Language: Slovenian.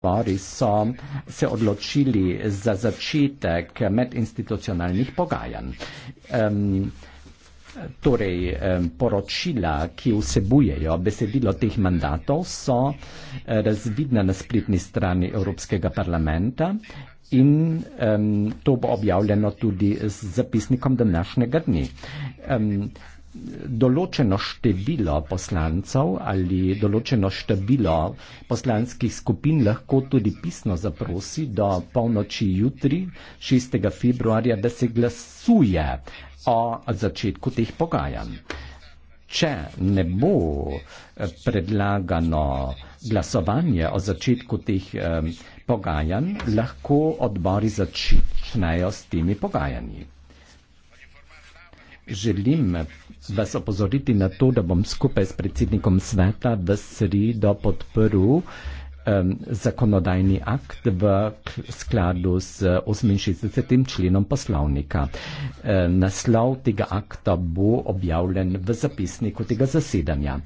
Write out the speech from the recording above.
Odbori so se odločili za začetek medinstitucionalnih pogajanj. Um, torej, um, poročila, ki vsebujejo besedilo teh mandatov, so eh, razvidna na spletni strani Evropskega parlamenta in um, to bo objavljeno tudi z zapisnikom današnjega dne. Um, določeno število poslancev ali določeno število poslanskih skupin lahko tudi pisno zaprosi do polnoči jutri, 6. februarja, da se glasuje o začetku teh pogajanj. Če ne bo eh, predlagano glasovanje o začetku teh eh, pogajanj, lahko odbori začnejo s temi pogajanji. Želim vas opozoriti na to, da bom skupaj s predsednikom sveta v sredo podprl um, zakonodajni akt v skladu s 68. členom poslovnika. E, naslov tega akta bo objavljen v zapisniku tega zasedanja.